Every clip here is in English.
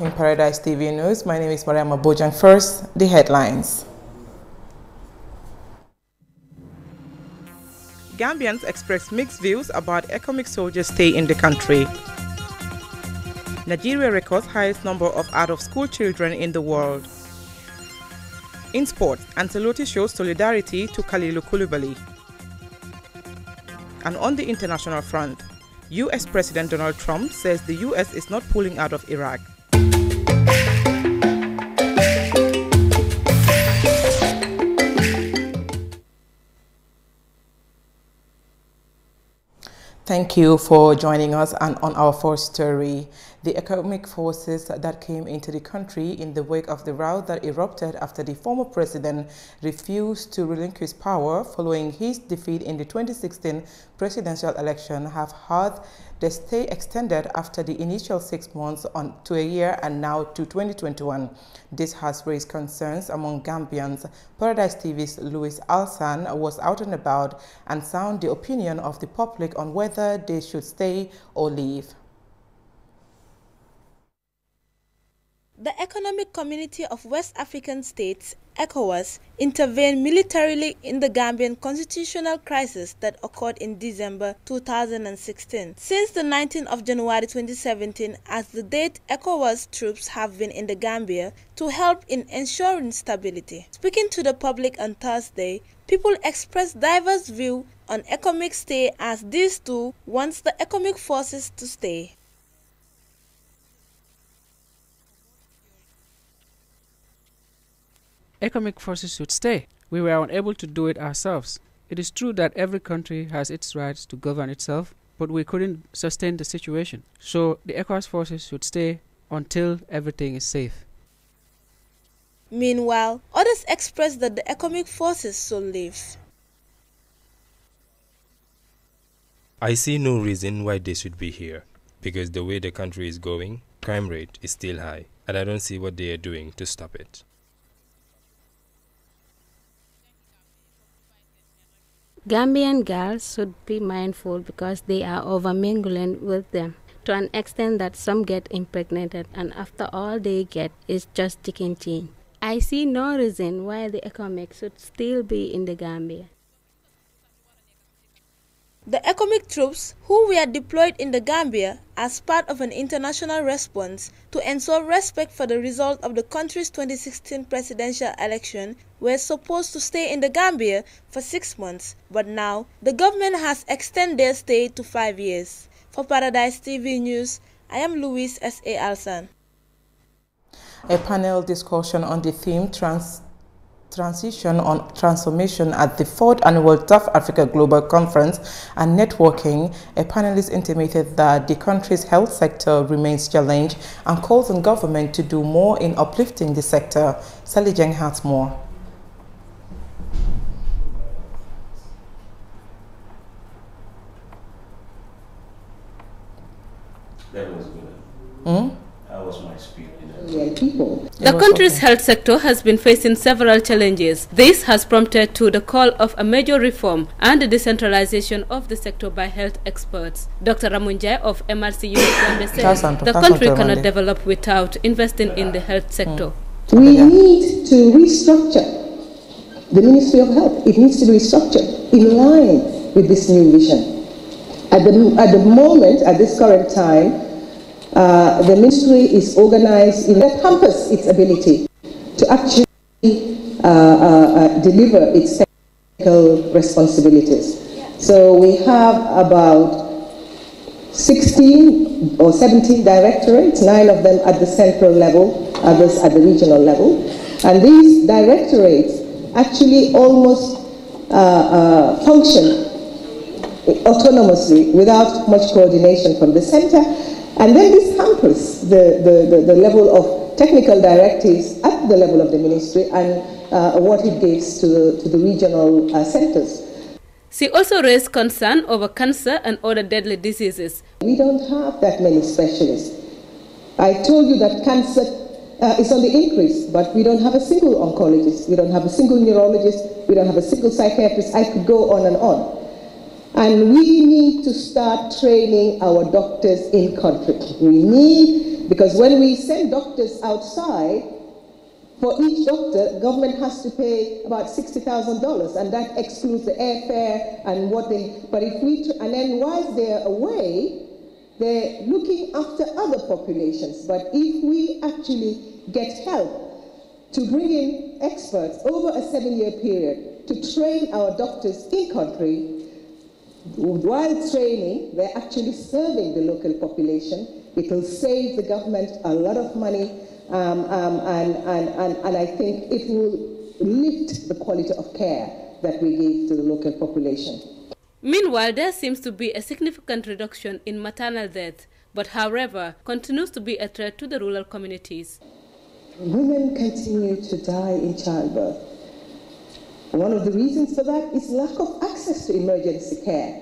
watching Paradise TV News. My name is Mariama Bojang. First, the headlines. Gambians express mixed views about economic soldiers' stay in the country. Nigeria records highest number of out-of-school children in the world. In sports, Ancelotti shows solidarity to Kalilu Kulubali. And on the international front, US President Donald Trump says the US is not pulling out of Iraq Thank you for joining us and on our fourth story. The economic forces that came into the country in the wake of the row that erupted after the former president refused to relinquish power following his defeat in the 2016 presidential election have had the stay extended after the initial six months on to a year and now to 2021. This has raised concerns among Gambians. Paradise TV's Louis Alsan was out and about and sound the opinion of the public on whether they should stay or leave. The Economic Community of West African States ECOWAS intervened militarily in the Gambian constitutional crisis that occurred in December 2016. Since the 19th of January 2017 as the date ECOWAS troops have been in the Gambia to help in ensuring stability. Speaking to the public on Thursday, people expressed diverse views on economic stay as these two wants the economic forces to stay. economic forces should stay. We were unable to do it ourselves. It is true that every country has its rights to govern itself, but we couldn't sustain the situation. So the ECOWAS forces should stay until everything is safe. Meanwhile, others express that the economic forces should leave. I see no reason why they should be here, because the way the country is going, crime rate is still high, and I don't see what they are doing to stop it. Gambian girls should be mindful because they are over mingling with them to an extent that some get impregnated, and after all they get is just chicken change. I see no reason why the economics should still be in the Gambia. The ECOMIC troops who were deployed in the Gambia as part of an international response to ensure respect for the result of the country's 2016 presidential election were supposed to stay in the Gambia for six months, but now the government has extended their stay to five years. For Paradise TV News, I am Louis S.A. Alsan. A panel discussion on the theme trans transition on transformation at the fourth annual South Africa Global Conference and networking, a panelist intimated that the country's health sector remains challenged and calls on government to do more in uplifting the sector. Sally Jeng Hartmore. That was good. Hmm? The country's health sector has been facing several challenges. This has prompted to the call of a major reform and the decentralization of the sector by health experts. Dr. Ramunjai of MRC Unit says the country cannot develop without investing in the health sector. Hmm. We need to restructure the Ministry of Health. It needs to be restructured in line with this new vision. At the, at the moment, at this current time, uh, the ministry is organized in that hampers its ability to actually uh, uh, uh, deliver its technical responsibilities. So we have about 16 or 17 directorates, nine of them at the central level, others at the regional level. And these directorates actually almost uh, function autonomously without much coordination from the center and then this hampers the, the, the, the, level of technical directives at the level of the ministry and uh, what it gives to the, to the regional uh, centers. She also raised concern over cancer and other deadly diseases. We don't have that many specialists. I told you that cancer uh, is on the increase, but we don't have a single oncologist, we don't have a single neurologist, we don't have a single psychiatrist. I could go on and on. And we need to start training our doctors in country. We need, because when we send doctors outside, for each doctor, government has to pay about $60,000, and that excludes the airfare and what they, but if we, and then whilst they're away, they're looking after other populations. But if we actually get help to bring in experts over a seven-year period to train our doctors in country, while training, they're actually serving the local population. It will save the government a lot of money, um, um, and, and, and, and I think it will lift the quality of care that we give to the local population. Meanwhile, there seems to be a significant reduction in maternal death, but however, continues to be a threat to the rural communities. Women continue to die in childbirth one of the reasons for that is lack of access to emergency care.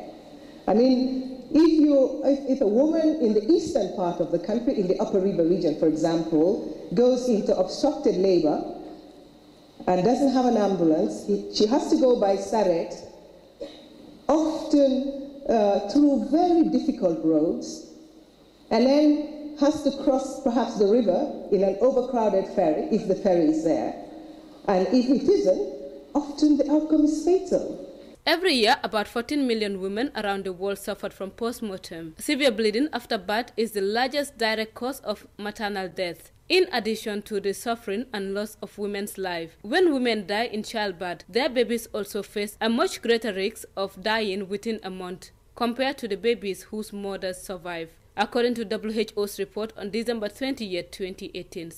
I mean, if, you, if, if a woman in the eastern part of the country, in the Upper River region, for example, goes into obstructed labor and doesn't have an ambulance, she has to go by Saret, often uh, through very difficult roads, and then has to cross perhaps the river in an overcrowded ferry, if the ferry is there. And if it isn't, often the outcome is fatal. Every year, about 14 million women around the world suffered from postmortem. Severe bleeding after birth is the largest direct cause of maternal death. In addition to the suffering and loss of women's life, when women die in childbirth, their babies also face a much greater risk of dying within a month compared to the babies whose mothers survive, according to WHO's report on December 20, 2018.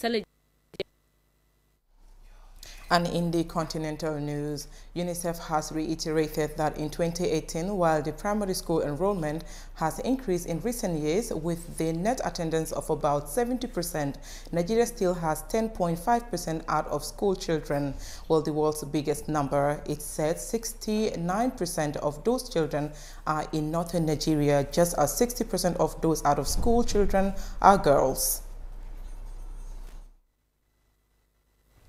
And in the continental news, UNICEF has reiterated that in 2018, while the primary school enrollment has increased in recent years with the net attendance of about 70%, Nigeria still has 10.5% out of school children, while well, the world's biggest number, it said 69% of those children are in northern Nigeria, just as 60% of those out of school children are girls.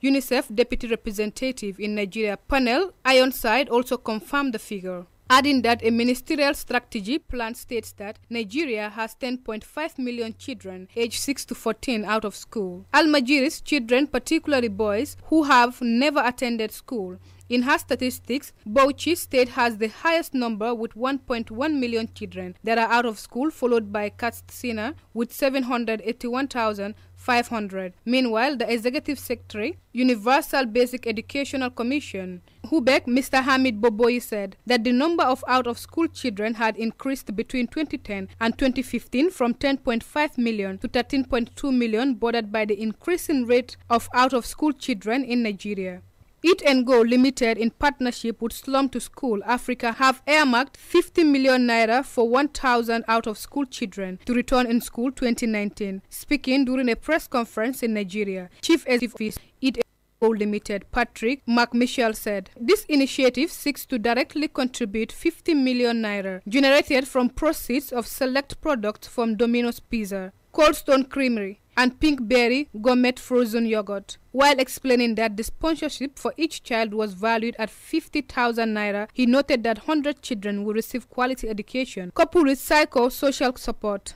UNICEF deputy representative in Nigeria panel, Ironside, also confirmed the figure adding that a ministerial strategy plan states that Nigeria has 10.5 million children aged 6 to 14 out of school. Almajiri's children, particularly boys, who have never attended school. In her statistics, Bauchi State has the highest number with 1.1 million children that are out of school, followed by Katsina with 781,000 500. Meanwhile, the Executive Secretary, Universal Basic Educational Commission, Hubek Mr. Hamid Boboyi said that the number of out-of-school children had increased between 2010 and 2015 from 10.5 million to 13.2 million, bordered by the increasing rate of out-of-school children in Nigeria. Eat and Go Limited, in partnership with Slum to School Africa, have earmarked 50 million naira for 1,000 out of school children to return in school 2019. Speaking during a press conference in Nigeria, Chief Executive Eat Go Limited, Patrick McMichael said. This initiative seeks to directly contribute 50 million naira generated from proceeds of select products from Domino's Pizza, Coldstone Creamery, and Pinkberry gourmet frozen yogurt. While explaining that the sponsorship for each child was valued at 50,000 naira, he noted that 100 children will receive quality education coupled with psycho-social support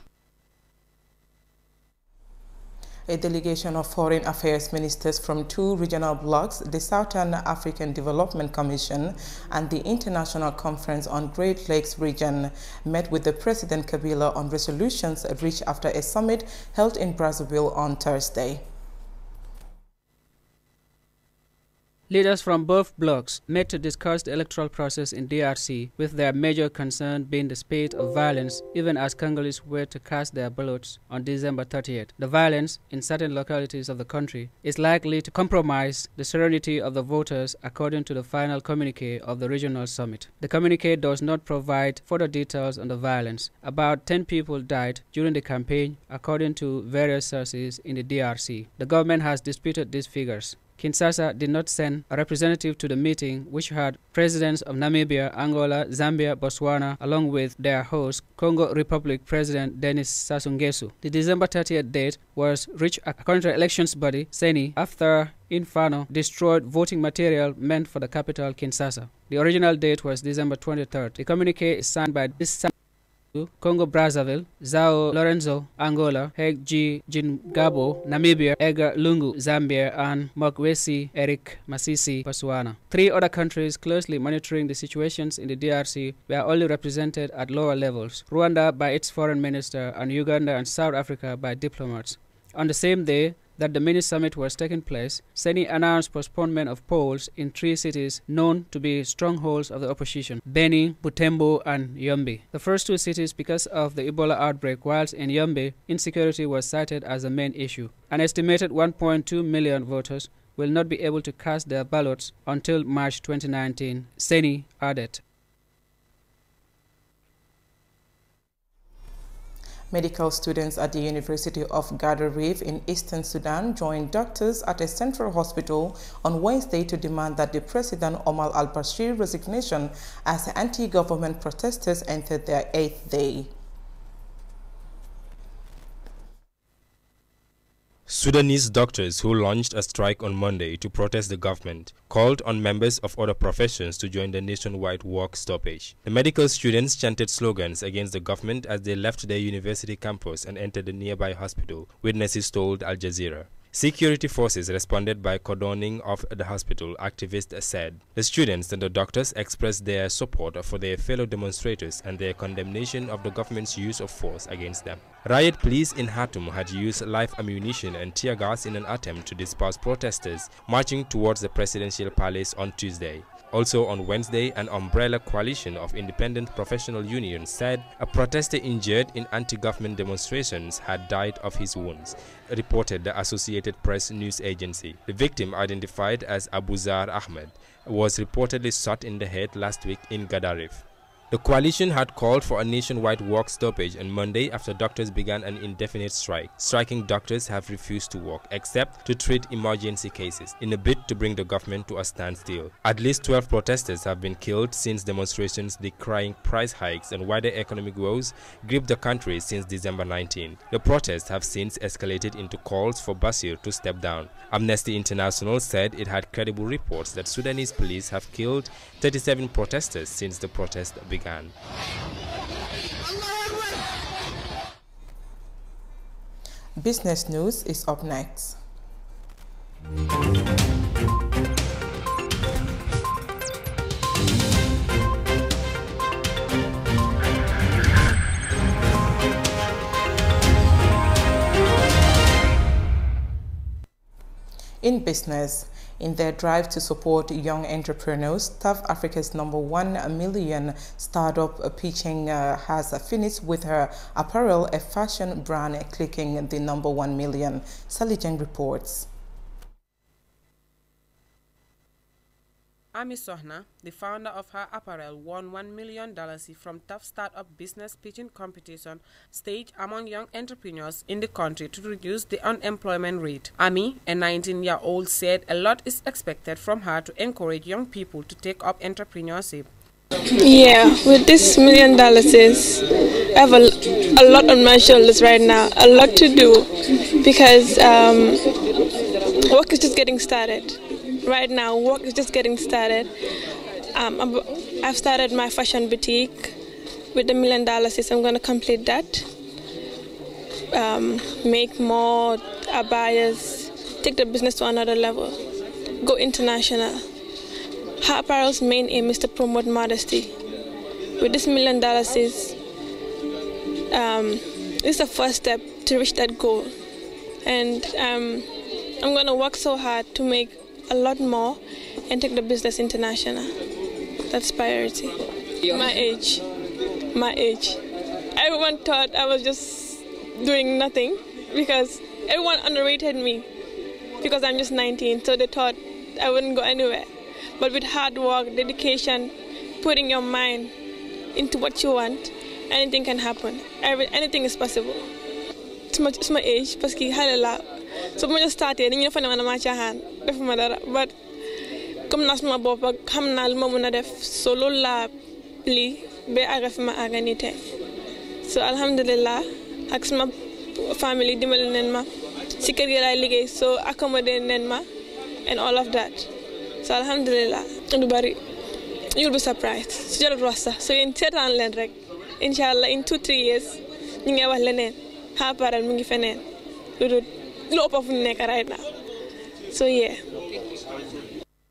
a delegation of foreign affairs ministers from two regional blocs, the Southern African Development Commission and the International Conference on Great Lakes Region, met with the President Kabila on resolutions reached after a summit held in Brazzaville on Thursday. Leaders from both blocs met to discuss the electoral process in DRC, with their major concern being the spate of violence, even as Congolese were to cast their ballots on December 30th. The violence in certain localities of the country is likely to compromise the serenity of the voters, according to the final communique of the regional summit. The communique does not provide further details on the violence. About 10 people died during the campaign, according to various sources in the DRC. The government has disputed these figures. Kinshasa did not send a representative to the meeting, which had presidents of Namibia, Angola, Zambia, Botswana, along with their host, Congo Republic President Denis Sassou Nguesso. The December 30th date was reached according to elections body, CENI, after inferno destroyed voting material meant for the capital, Kinshasa. The original date was December 23rd. The communique is signed by this Congo Brazzaville, Zao Lorenzo, Angola, Heg G. Jingabo, Namibia, Edgar Lungu, Zambia, and Mokwesi Eric Masisi Botswana. Three other countries closely monitoring the situations in the DRC were only represented at lower levels Rwanda by its foreign minister, and Uganda and South Africa by diplomats. On the same day, that the mini summit was taking place, Seni announced postponement of polls in three cities known to be strongholds of the opposition Beni, Butembo, and Yombe. The first two cities because of the Ebola outbreak, whilst in Yombe, insecurity was cited as the main issue. An estimated 1.2 million voters will not be able to cast their ballots until March 2019, Seni added. Medical students at the University of Gadarif in eastern Sudan joined doctors at a central hospital on Wednesday to demand that the President Omar al bashir resignation as anti-government protesters entered their eighth day. Sudanese doctors who launched a strike on Monday to protest the government called on members of other professions to join the nationwide work stoppage. The medical students chanted slogans against the government as they left their university campus and entered the nearby hospital, witnesses told Al Jazeera. Security forces responded by cordoning off the hospital, activists said. The students and the doctors expressed their support for their fellow demonstrators and their condemnation of the government's use of force against them. Riot police in Hatum had used live ammunition and tear gas in an attempt to disperse protesters marching towards the presidential palace on Tuesday. Also on Wednesday, an umbrella coalition of independent professional unions said a protester injured in anti-government demonstrations had died of his wounds, reported the Associated Press news agency. The victim, identified as Abuzar Ahmed, was reportedly shot in the head last week in Gadarif. The coalition had called for a nationwide work stoppage on Monday after doctors began an indefinite strike. Striking doctors have refused to work except to treat emergency cases in a bid to bring the government to a standstill. At least 12 protesters have been killed since demonstrations decrying price hikes and wider economic woes gripped the country since December 19. The protests have since escalated into calls for Basir to step down. Amnesty International said it had credible reports that Sudanese police have killed 37 protesters since the protest began. Business news is up next. In business, in their drive to support young entrepreneurs. South Africa's number one million startup pitching uh, has finished with her apparel, a fashion brand, clicking the number one million. Sally Jeng reports. Ami Sohna, the founder of her apparel, won $1 million from Tough Startup Business Pitching Competition staged among young entrepreneurs in the country to reduce the unemployment rate. Ami, a 19-year-old, said a lot is expected from her to encourage young people to take up entrepreneurship. Yeah, with this million dollars, I have a, a lot on my shoulders right now, a lot to do because um, work is just getting started right now work is just getting started. Um, I've started my fashion boutique with the million dollar I'm going to complete that. Um, make more buyers, take the business to another level, go international. Her apparel's main aim is to promote modesty. With this million dollars, um, is um, it's the first step to reach that goal, and um, I'm gonna work so hard to make a lot more and take the business international. That's priority. My age, my age. Everyone thought I was just doing nothing because everyone underrated me because I'm just 19. So they thought I wouldn't go anywhere. But with hard work, dedication, putting your mind into what you want, anything can happen. Every, anything is possible. It's my, it's my age, parce que xale la. So bu know if I dañu going to match your hand defuma dara but comme naa suma bopp ak xam naa li ma mën a def so loolu laa pli ba àgg fi ma so Alhamdulillah, ak suma famille dimbali neen ma si kër gi laay liggéey so accommodé neen ma and all of that so Alhamdulillah, du bari you'll be surprised su jarut wax sax so yéen seetaan leen rek incha allah in two three years ñu ngi wax leneen xaaparal mu ngi feneen lu dul lu ëpp fu nekk right now so yeah.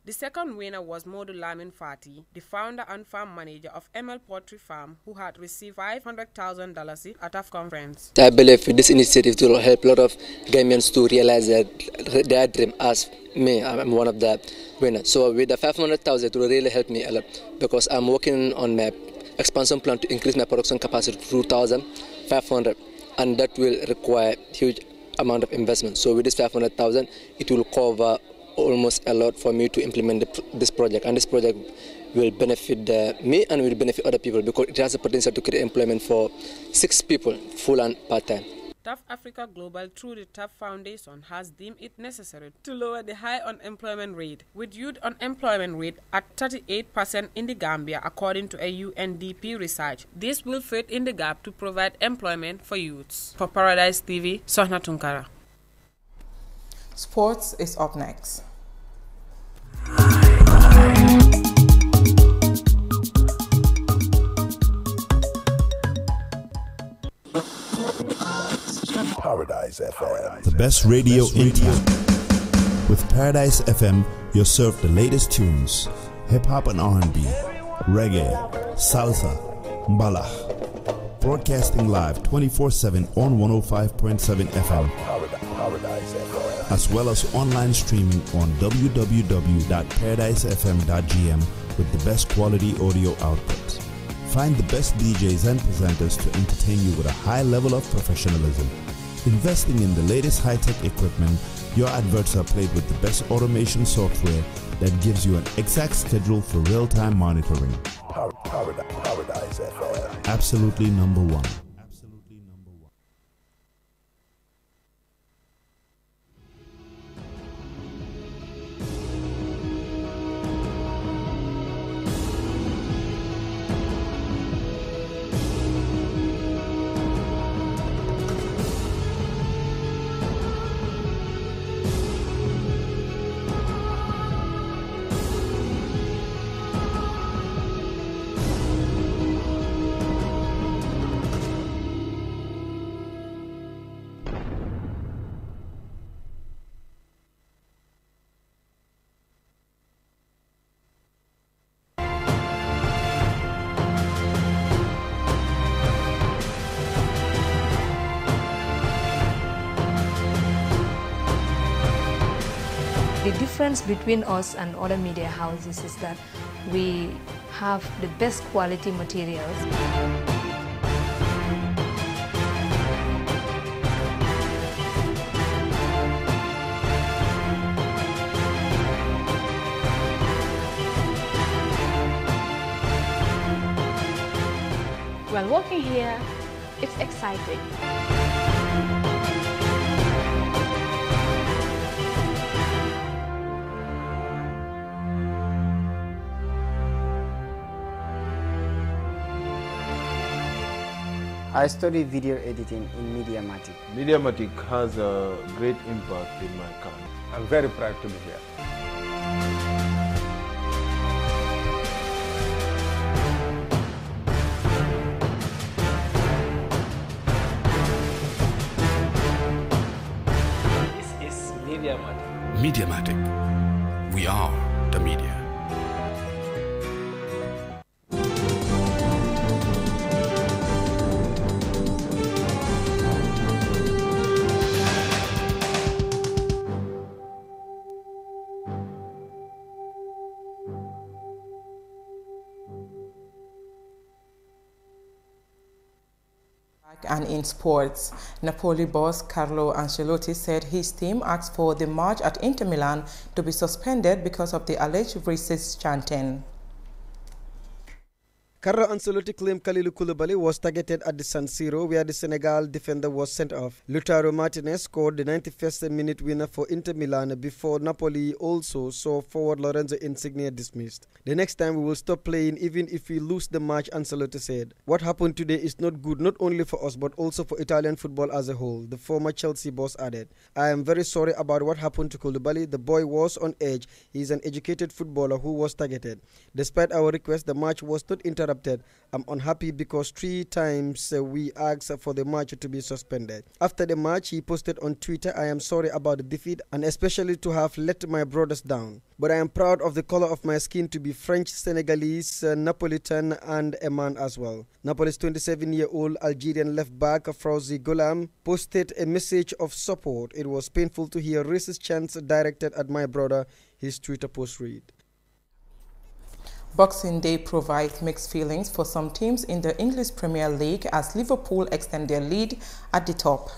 The second winner was Modu Lamin Fati, the founder and farm manager of ML Poultry Farm, who had received $500,000 at a conference. I believe this initiative will help a lot of Gambians to realize their dream as me, I'm one of the winners. So with the 500000 it will really help me a lot because I'm working on my expansion plan to increase my production capacity to 2,500 and that will require huge amount of investment. So with this 500,000, it will cover almost a lot for me to implement the, this project. And this project will benefit uh, me and will benefit other people because it has the potential to create employment for six people, full and part-time. TAF Africa Global, through the TAF Foundation, has deemed it necessary to lower the high unemployment rate, with youth unemployment rate at 38% in the Gambia, according to a UNDP research. This will fit in the gap to provide employment for youths. For Paradise TV, Sohna Tunkara. Sports is up next. Paradise FM. Paradise the best radio best in town. With Paradise FM, you'll serve the latest tunes, hip-hop and R&B, reggae, salsa, mbala. Broadcasting live 24-7 on 105.7 FM. FM. As well as online streaming on www.paradisefm.gm with the best quality audio output. Find the best DJs and presenters to entertain you with a high level of professionalism Investing in the latest high-tech equipment, your adverts are played with the best automation software that gives you an exact schedule for real-time monitoring. Paradise, Paradise FM. Absolutely number one. difference between us and other media houses is that we have the best quality materials. Well, working here, it's exciting. I study video editing in Mediamatic. Mediamatic has a great impact in my country. I'm very proud to be here. Mediamatic. Mediamatic. We are in sports. Napoli boss Carlo Ancelotti said his team asked for the match at Inter Milan to be suspended because of the alleged racist chanting. Carlo Ancelotti claimed Kalilu Koulibaly was targeted at the San Siro, where the Senegal defender was sent off. Lutaro Martinez scored the 91st minute winner for Inter Milan before Napoli also saw forward Lorenzo Insigne dismissed. The next time we will stop playing even if we lose the match, Ancelotti said. What happened today is not good not only for us but also for Italian football as a whole, the former Chelsea boss added. I am very sorry about what happened to Koulibaly. The boy was on edge. He is an educated footballer who was targeted. Despite our request, the match was not interrupted I'm unhappy because three times uh, we asked for the match to be suspended. After the match, he posted on Twitter, I am sorry about the defeat and especially to have let my brothers down. But I am proud of the color of my skin to be French, Senegalese, uh, Napolitan, and a man as well. Napoli's 27 year old Algerian left back Frozi Golam posted a message of support. It was painful to hear racist chants directed at my brother, his Twitter post read. Boxing Day provides mixed feelings for some teams in the English Premier League as Liverpool extend their lead at the top.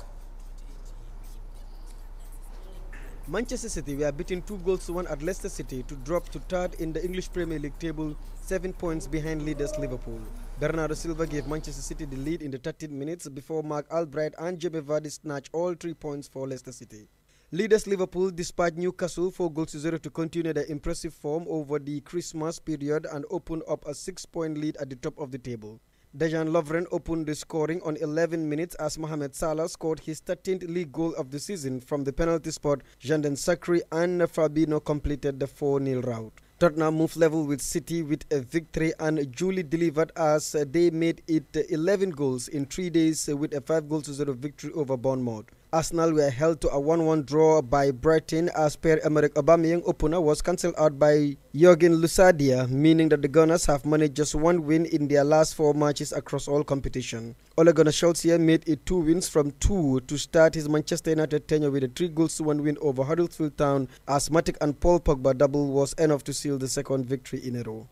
Manchester City were beaten two goals to one at Leicester City to drop to third in the English Premier League table, seven points behind leaders Liverpool. Bernardo Silva gave Manchester City the lead in the 13 minutes before Mark Albright and Jamie Vardy snatched all three points for Leicester City. Leaders Liverpool dispatched Newcastle 4 goals to 0 to continue their impressive form over the Christmas period and open up a six point lead at the top of the table. Dejan Lovren opened the scoring on 11 minutes as Mohamed Salah scored his 13th league goal of the season from the penalty spot. Jandon Sakri and Fabino completed the 4 0 rout. Tottenham moved level with City with a victory and duly delivered as they made it 11 goals in three days with a 5 goals to 0 victory over Bournemouth. Arsenal were held to a 1-1 draw by Brighton as Pierre-Emerick Aubameyang opener was cancelled out by Jurgen Lusadia, meaning that the Gunners have managed just one win in their last four matches across all competition. Ole Gunnar Solskjaer made it two wins from two to start his Manchester United tenure with a three goals to one win over Huddersfield Town as Matic and Paul Pogba double was enough to seal the second victory in a row.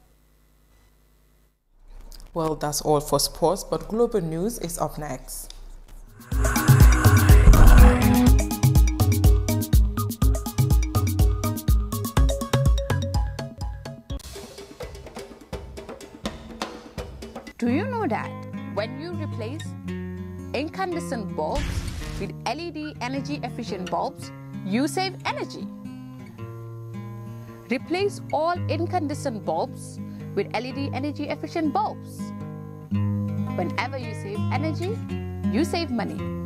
Well, that's all for sports, but global news is up next. Do you know that when you replace incandescent bulbs with LED energy efficient bulbs, you save energy? Replace all incandescent bulbs with LED energy efficient bulbs. Whenever you save energy, you save money.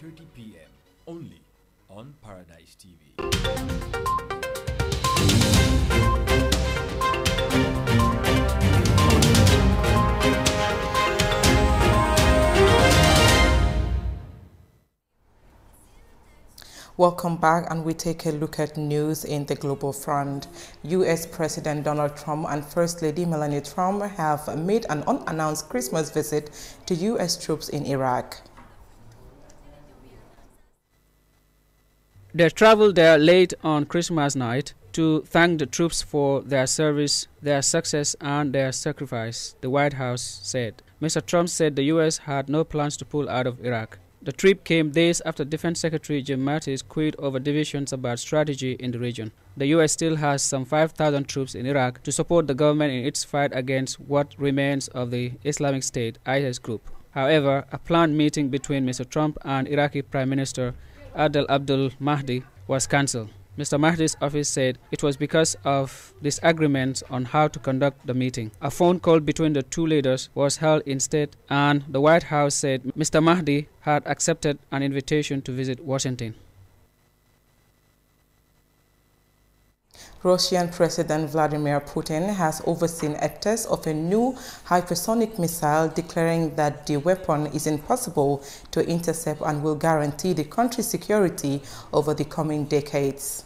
30 p.m. only on Paradise TV. Welcome back, and we take a look at news in the global front. U.S. President Donald Trump and First Lady Melania Trump have made an unannounced Christmas visit to U.S. troops in Iraq. They traveled there late on Christmas night to thank the troops for their service, their success, and their sacrifice, the White House said. Mr. Trump said the U.S. had no plans to pull out of Iraq. The trip came days after Defense Secretary Jim Mattis quit over divisions about strategy in the region. The U.S. still has some 5,000 troops in Iraq to support the government in its fight against what remains of the Islamic State ISIS group. However, a planned meeting between Mr. Trump and Iraqi Prime Minister Adel Abdul Mahdi was cancelled. Mr. Mahdi's office said it was because of disagreements on how to conduct the meeting. A phone call between the two leaders was held instead, and the White House said Mr. Mahdi had accepted an invitation to visit Washington. Russian President Vladimir Putin has overseen a test of a new hypersonic missile, declaring that the weapon is impossible to intercept and will guarantee the country's security over the coming decades.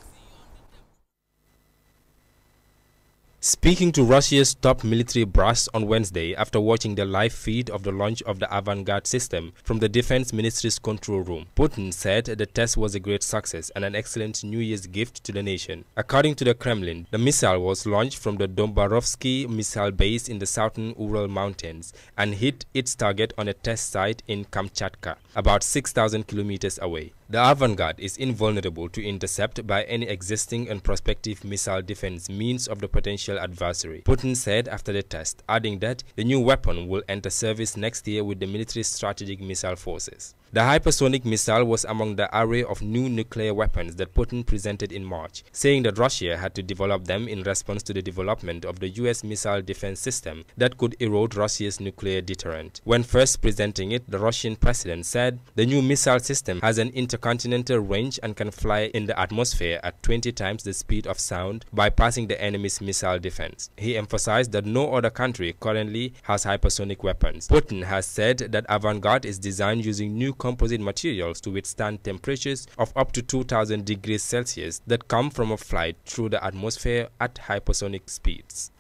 Speaking to Russia's top military brass on Wednesday after watching the live feed of the launch of the avant-garde system from the defense ministry's control room, Putin said the test was a great success and an excellent New Year's gift to the nation. According to the Kremlin, the missile was launched from the Dombarovsky missile base in the southern Ural Mountains and hit its target on a test site in Kamchatka, about 6,000 kilometers away. The avant-garde is invulnerable to intercept by any existing and prospective missile defense means of the potential adversary, Putin said after the test, adding that the new weapon will enter service next year with the military strategic missile forces. The hypersonic missile was among the array of new nuclear weapons that Putin presented in March, saying that Russia had to develop them in response to the development of the US missile defense system that could erode Russia's nuclear deterrent. When first presenting it, the Russian president said the new missile system has an intercontinental range and can fly in the atmosphere at 20 times the speed of sound, bypassing the enemy's missile defense. He emphasized that no other country currently has hypersonic weapons. Putin has said that Avangard is designed using new composite materials to withstand temperatures of up to 2000 degrees Celsius that come from a flight through the atmosphere at hypersonic speeds.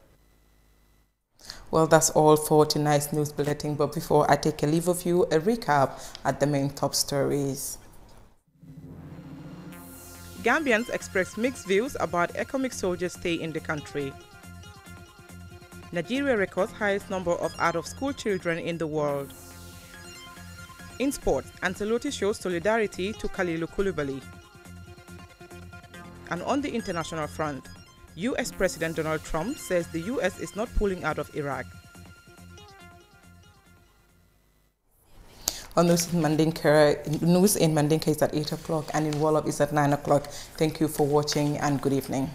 Well, that's all for tonight's news bulletin. But before I take a leave of you, a recap at the main top stories. Gambians express mixed views about economic soldiers' stay in the country. Nigeria records highest number of out-of-school children in the world. In sports, Ancelotti shows solidarity to Kalilu Koulibaly. And on the international front, US President Donald Trump says the US is not pulling out of Iraq. On news in Mandinka, news in Mandinka is at 8 o'clock and in Wolof is at 9 o'clock. Thank you for watching and good evening.